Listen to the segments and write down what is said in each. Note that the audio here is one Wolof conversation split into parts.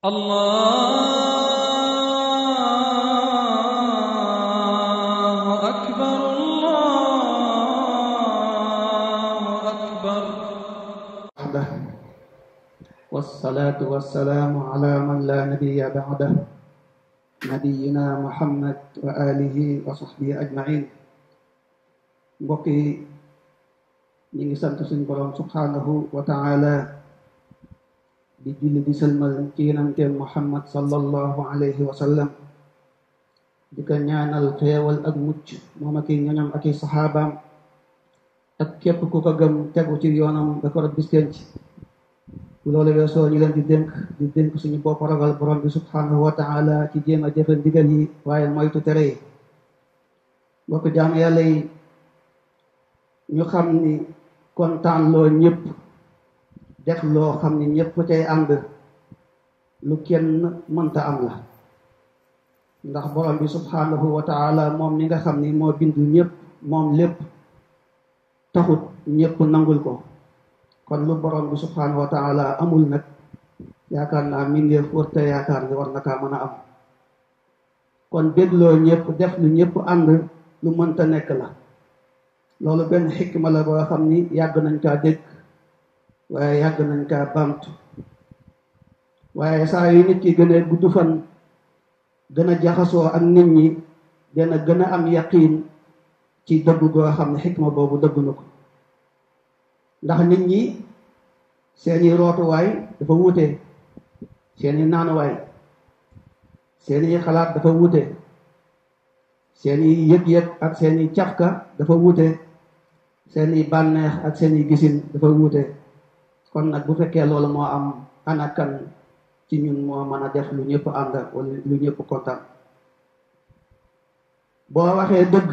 الله أكبر الله أكبر والصلاة والسلام على من لا نبي بعده نبينا محمد وآله وصحبه أجمعين بقي من سنة سنة سبحانه وتعالى di julli di sëlmal ci yonante muhammad sallallahu alayhi wa sallam di ko ñaanal xeewal ak mucc moom ak i ñoñam ak i saxaabaam képp ku ko gëm tegu ci yoonam ba ko bis loole bu loolu weesoo ñu di dénk di dénk suñu bopp ragal borom bi subhanahu wa taala ci jéem a jëfe ndigal yi waaye moytu tere yi bokk jaam yàlla ñu xam ni kontaan loo ñëpp def loo xam ni ñëpp cay ànd lu kenn mënta am la ndax borom bi subhanahu wa taala moom mi nga xam ni moo bindu ñëpp moom lépp taxut ñëpp nangul ko kon lu borom bi subhanahu wa amul nag yaakaar naa mi ngi wërta yaakaar ni war na kaa mën a am kon dégloo ñëpp def lu ñëpp ànd lu mënta nekk la loolu benn xikma la boo xam ni yàgg nañ kaa dégg waaye yàgg nañ kaa bamtu waaye saa yi nit ki gën a gudd fan gën jaxasoo ak nit ñi dana gën a am yaqiin ci dëggu goo xam ne xikma boobu dëgg na ko ndax nit ñi seeni rootuwaay dafa wuute seeni naanuwaay seeni xalaat dafa wuute seeni yëg-yëg ak seeni cafka dafa wuute seeni bànneex ak seeni gisin dafa wuute kon nag bu fekkee loolu moo am anakan ci ñun moo mën a def lu ñëpp ànd ak lu ñëpp kontaan boo waxee dëgg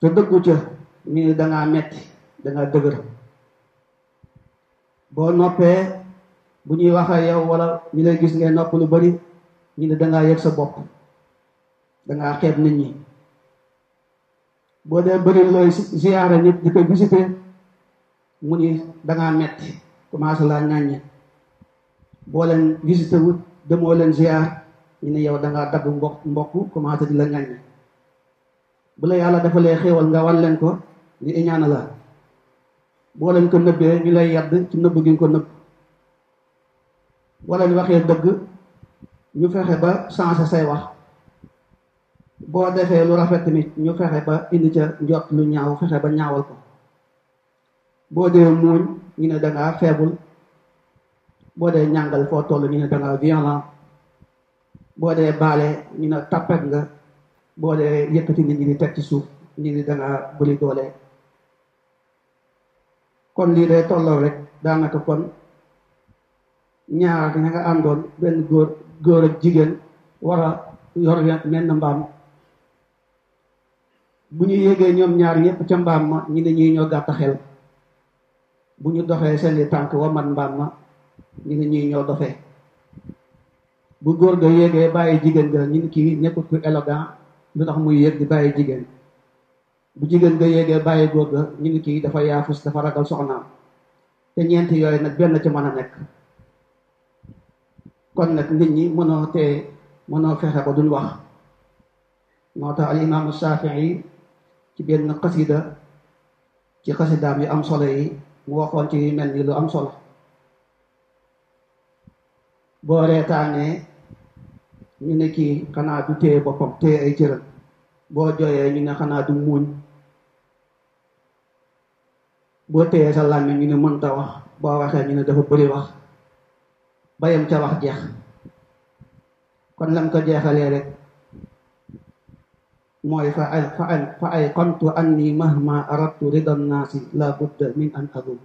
te dëggu ca ñu ni dangaa metti danga dëgër boo noppee bu ñuy wax ak yow wala ñu lay gis ngay nopp lu bari ñu ne dangaa yëg sa bopp dangaa xeeb nit ñi boo dee bëri looy ziyaara nit di ko visité mu ni dangaa metti commencé laa yi boo leen visité wut demoo leen ziar ñu ne yow danga dagg mbokk mbokk commencé di la ŋàññe bu la yàlla defalee xéewal nga wan leen ko ñu iñaana la boo leen ko nëbbee ñu lay yadd ci nëbb gi nga ko nëbb boo leen waxee dëgg ñu fexe ba changé say wax boo defee lu rafet tamit ñu fexe ba indi ca njot lu ñaaw fexe ba ñaawal ko boo dee muuñ ñu ne dangaa faible boo dee ñàngal foo toll ñu ne dangaa violent boo dee baale ñu ne tappet nga boo dee yëkkati nit ñi di teg ci suuf ñu ne dangaa bëri doole kon lii day tolloo rek daanaka kon ñaar ak ña nga àndoon benn góor góor ak jigéen war a yor menn mbaam bu ñu yéegee ñoom ñaar ñëpp ca mbaam ma ñu ne ñuy ñoo gàtt xel bu ñu doxee seeni tànk wa man mbaam ma ñu ngi ñuy ñoo dofee bu góor ga yéegee bàyyi jigéen ga ñu ngi kii nekkut ku élégant lu tax muy yéeg di bàyyi jigéen bu jigéen ga yéegee bàyyi góor ga ñu ngi kii dafa yaafus dafa ragal soxnaam te ñeenti yooyu nag benn ci mën a nekk kon nag nit ñi mënoo tee mënoo fexe ba duñ wax moo tax al imaamu yi ci benn xasida ci xasidaam yu am solo yi mu waxoon ci yu mel ni lu am solo boo reetaanee ñu ne kii xanaa du téye boppam téye ay cëram boo jooyee ñu ne xanaa du muuñ boo téyee sa làmmiñ ñu ne mënta wax boo waxee ñu ne dafa bëri wax bayam ca wax jeex kon lam ko jeexalee rek mooy fa ay fa ay fa ay kontu anni mahma aradtu ridan naasi la budda min an adum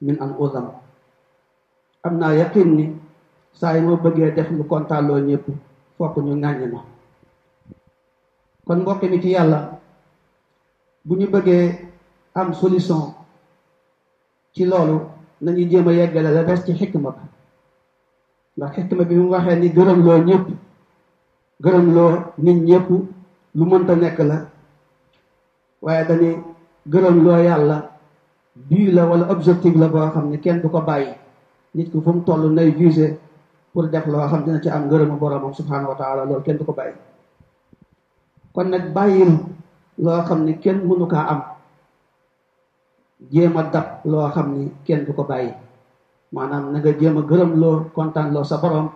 min an uzam am naa yaqin ni saa yi moo bëggee def lu kontaaloo ñëpp fokk ñu ŋàññi ma kon mbokk mi ci yàlla bu ñu bëggee am solution ci loolu nañu jëm a yeggale la des ci xikma ba ndax bi mu waxee ni gërëm loo ñëpp gërëm loo nit ñëpp lu mënta nekk la waaye dañuy gërëm loo yàlla bii la wala objectif la boo xam ne kenn bu ko bàyyi nit ku fu mu toll nay juger pour def loo xam dina ci am ngërëmu boromam subhanahu wa taala loolu kenn du ko bàyyi kon nag bàyyil loo xam ne kenn mënu kaa am jéem a dab loo xam ni kenn du ko bàyyi maanaam na nga a gërëm loo kontaan loo sa borom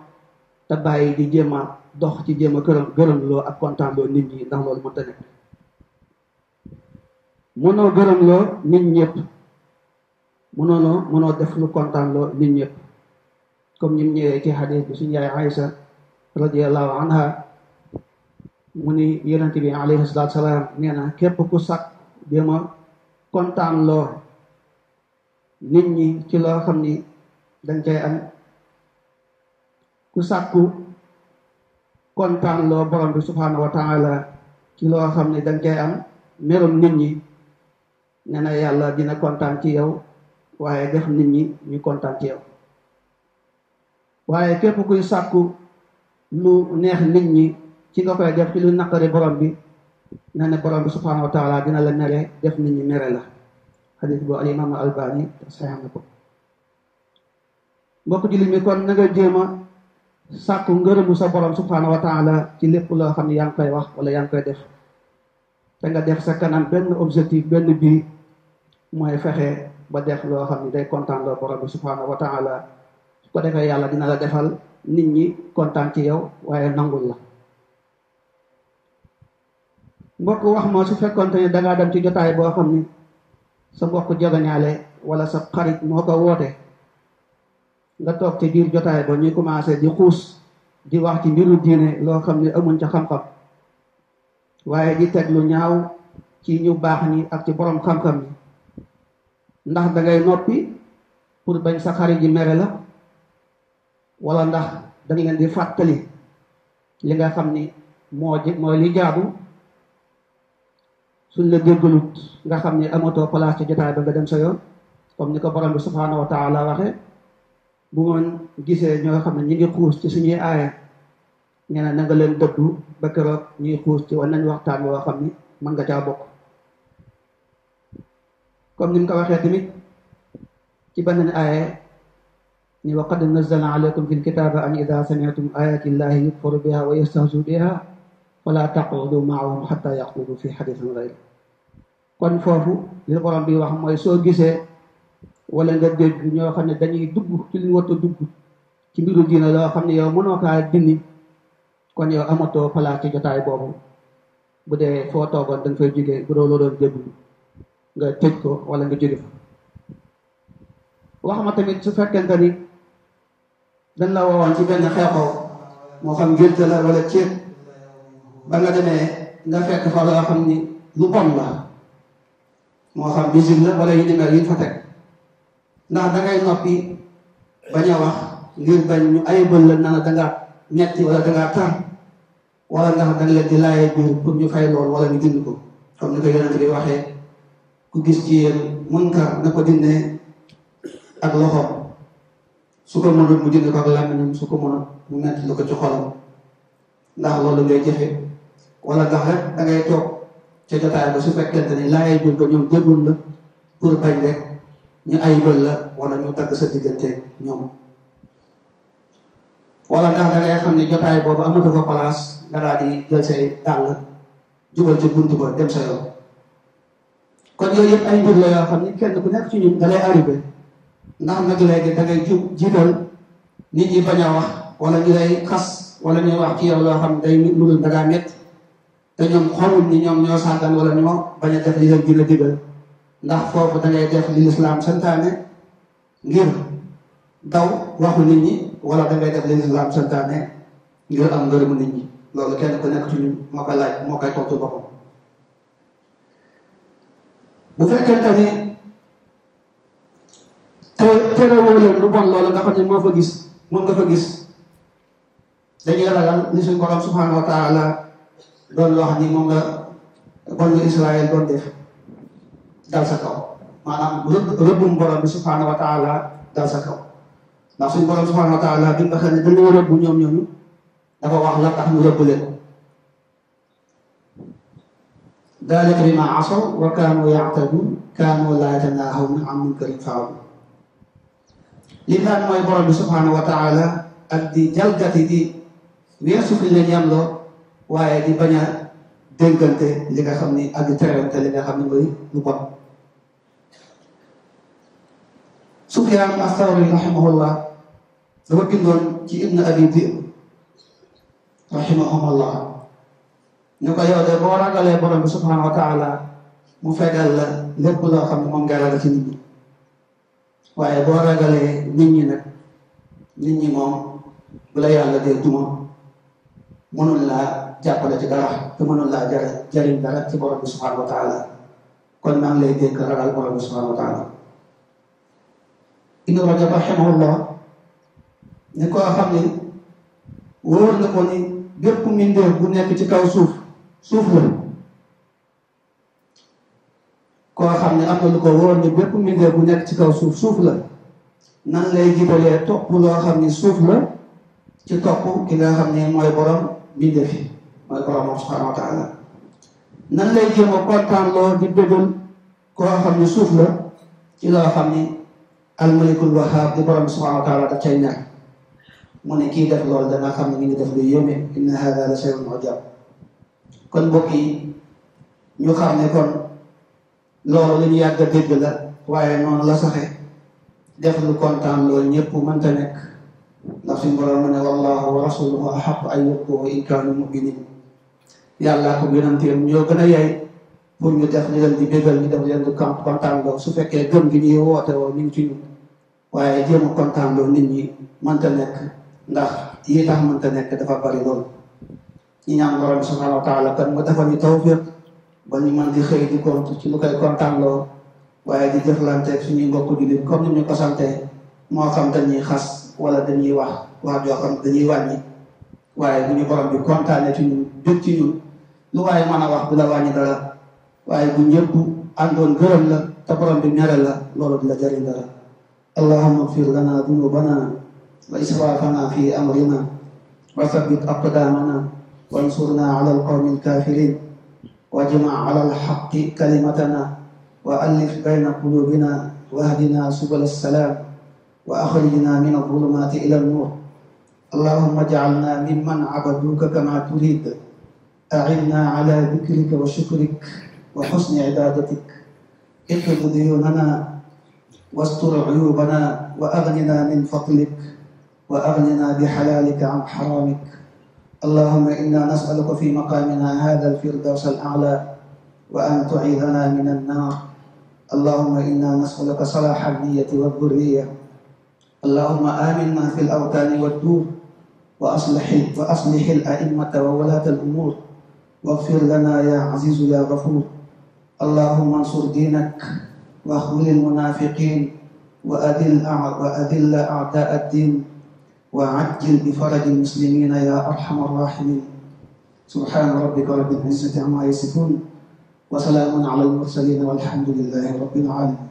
te bàyyi di jéem dox ci jéem a këram gërëmloo ak kontaanloo nit ñi ndax loolu mënta nekk mënoo gërëmloo nit ñëpp mënoonoo mënoo def lu kontaanloo nit ñëpp comme ñim ñëwee ci xadis bi suñu yaay Aïsa radiallahu anha mu ni yonente bi alayhi salatu salaam nee na képp ku sàkk jéem a kontaanloo nit ñi ci loo xam ni dañ cay am ku sàkku kontaan loo borom bi subhaanahu wa taala ci loo xam ne danga cay am merum nit ñi nee na yàlla dina kontaan ci yow waaye def nit ñi ñu kontaan ci yow waaye képp kuy sàkku lu neex nit ñi ci nga koy def ci lu naqari borom bi nee na borom bi subhaanahu wa dina la mere def nit ñi mere la xadis boo al imaam albani saxeex na ko mbokk jullit mi kon na jéema sàkku ngërëmu sa borom subhanahu wa ci lépp loo xam ne yaa ngi koy wax wala yaa ngi def te nga def sa kanam benn objectif benn bii mooy fexe ba def loo xam ne day kontaan loo borom bi subhanahu wa su ko defee yàlla dina la defal nit ñi kontaan ci yow waaye nangul la mbokk wax ma su fekkonte ne dangaa dem ci jotaay boo xam ni sa mbokk jegañaale wala sa xarit moo ko woote nga toog ci biir jotaay ba ñuy commencé di xuus di wax ci mbiru diine loo xam ne amuñ ca xam-xam waaye di teg lu ñaaw ci ñu baax ñi ak ci boroom xam-xam yi ndax dangay noppi pour bañ sa xarit ji mere la wala ndax danga leen di fàttali li nga xam ni moo mooy li jaabu suñ la déggalut nga xam ni amatoo place ci jotaay ba nga dem sa yoon comme ni ko borom bi subhanahu wa taala waxe bu ngoon gisee ñoo xam ne ñu ngi xuus ci suñuy aaya nee na nga leen dëddu ba keroog ñuy xuus ci wala nañ waxtaan woo xam ni mën nga caa bokk comme ni mu ko waxee tamit ci beneen aaya ni wa qad nazzala alaykum fi lkitaaba an ida samitum ayati llahi yukfaru biha wa yastahzu biha fala soo gisee wala nga dégg ñoo xam ne dañuy dugg ci li ñu war dugg ci mbiru diina loo xam ne yow mënoo kaa dindi kon yow amatoo place ci jotaay boobu bu dee foo toogoon da nga fay jógee bu nga tëj ko wala nga jóge fa wax ma tamit su fekkente ni dañ la woowoon ci benn xeexoo moo xam ngénte la wala yi ni mel yi fa ndax dangay noppi bañ wax ngir bañ ñu ayibal la naan dangaa metti wala dangaa tar wala ndax danga leen di laayee biir pour ñu fay lool wala ñu dindi ko comme ni ko yonent bi waxee ku gis ci yéen ko dindee ak su ko mënul mu dindi ko ak làmmiñam su ko mënul mu metti lu ko ci xolam ndax loolu ngay jëfe wala ndax rek dangay toog ca ba su fekkente ni laayee biir ko ñoom jëlul la pour bañ rek ñu ay ayibal la wala ñu tagg sa diggante ñoom wala ndax da xam ni jotaay boobu na fa place nga daal di jël say jubal ci buntu ba dem sa yoon kon yooyu yëpp ay mbir yoo xam ni kenn bu nekk ci ñun da lay arrivé ndax nag léegi da ngay jub nit ñi bañ a wax wala ñu lay xas wala ñuy wax ci yow loo xam day mënul da ngaa métti te ñoom xamul ni ñoom ñoo sàggan wala ñoo bañ a def li leen gën a digal ndax foofu da ngay def li lislaam santaane ngir daw waxu nit ñi wala da def li lislaam santaane ngir am ngërëmu nit ñi loolu kenn ku nekk ci ñun moo koy lu bon loolu nga xam ne moo fa gis moom nga fa gis dañuy ragal ni suñ borom subhanahu wa taala doon loo xam ni moom nga bon Israël doon def dal sa kaw maanaam subhaanahu taala dal sa kaw subhaanahu taala bi nga ne dañ leen rëbb ñoom wax la tax ñu rëbb leen ko dalika bi ma asaw an munkarin faalu li naan mooy borom subhaanahu taala ak di di weesu fi leen yemloo di bañ déggante li nga xam ni ak terante li nga xam ni lu bon Sufyaan As-Sawri rahimahullah dafa ci Ibn Abi Dhi'b rahimahumullah ko yow de boo ragalee borom wa taala mu fegal la lépp loo xam ne moom nga ragal ci nit ñi waaye boo ragalee nit nag nit ñi bu la yàlla dee duma mënul laa jàppale ci dara te mënul laa jëriñ jëriñ dara ci borom bi subhanahu wa taala kon maa ngi lay dénk bi subhanahu wa taala Ibnu Rajab ni koo xam ni wóor na ko ni bépp mbindeef nekk ci kaw suuf suuf la koo xam ne am na ko wóor ni bépp mbindeef bu nekk ci kaw suuf suuf la nan lay jibalee topp loo xam ni suuf la ci topp ki nga xam ne mooy borom mbindeef yi mooy boroomam subhaanahu wa taala nan lay jéem a kontaanloo di bégal koo xam ne suuf la ci loo xam ne almalikul wahaab di borom subhaanahu wa taala da cay ñàkk mu ne kii def loolu danaa xam ne ñu ngi def lu yéeme inna haada la shay'un ajab kon mbokk yi ñu xam ne kon loolu lu ñu yàgg a dégg la waaye noonu la saxe def lu kontaan loolu ñëpp mënta nekk ndax suñu borom mu ne wallahu wa rasuluhu axaqu an yuttuhu in kaanu muminin yàllaa ko yonanteem ñoo gën a yay pour ñu def li leen di bégal ñu def leen di kontaan loo su fekkee gëm gi ñuy woote woo ñu ngi ci ñun waaye jéem a kontaan loo nit ñi mënta nekk ndax yi tax mënta nekk dafa bari loolu ñu ñaan borom bi subhanahu wa taala kan mu defal ñu tawfiq ba ñu mën di xëy di compte ci lu koy kontaan loo waaye di jëflanteeg suñuy mbokk jullit comme ni ñu ko santee moo xam dañuy xas wala dañuy wax wax joo xam dañuy wàññi waaye bu ñu borom bi kontaanee ci ñun bég ci ñun lu waaye mën a wax du la wàññi dara waaye bu ñëpp àndoon gërëm la te borom bi mere la loolu du la jëriñ dara allahumma ighfir lana dunubana wa israfana fi amrina wa thabbit aqdamana wansurna ala alqawmi alkafirin wajma ala alhaqqi kalimatana wa allif bayna qulubina wahdina subula alsalam wa akhrijna min adh-dhulumati ila an-nur allahumma ij'alna mimman 'abaduka kama turid أعنا على ذكرك وشكرك وحسن عبادتك اقض ديوننا واستر عيوبنا وأغننا من فضلك وأغننا بحلالك عن حرامك اللهم إنا نسألك في مقامنا هذا الفردوس الأعلى وأن تعيذنا من النار اللهم إنا نسألك صلاح النية والذرية اللهم آمنا في الأوطان والدور وأصلح وأصلح الأئمة وولاة الأمور واغفر لنا يا عزيز يا غفور اللهم انصر دينك واخذل المنافقين وأذل وأذل أعداء الدين وعجل بفرج المسلمين يا أرحم الراحمين سبحان ربك رب العزة عما يصفون وسلام على المرسلين والحمد لله رب العالمين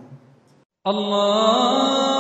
الله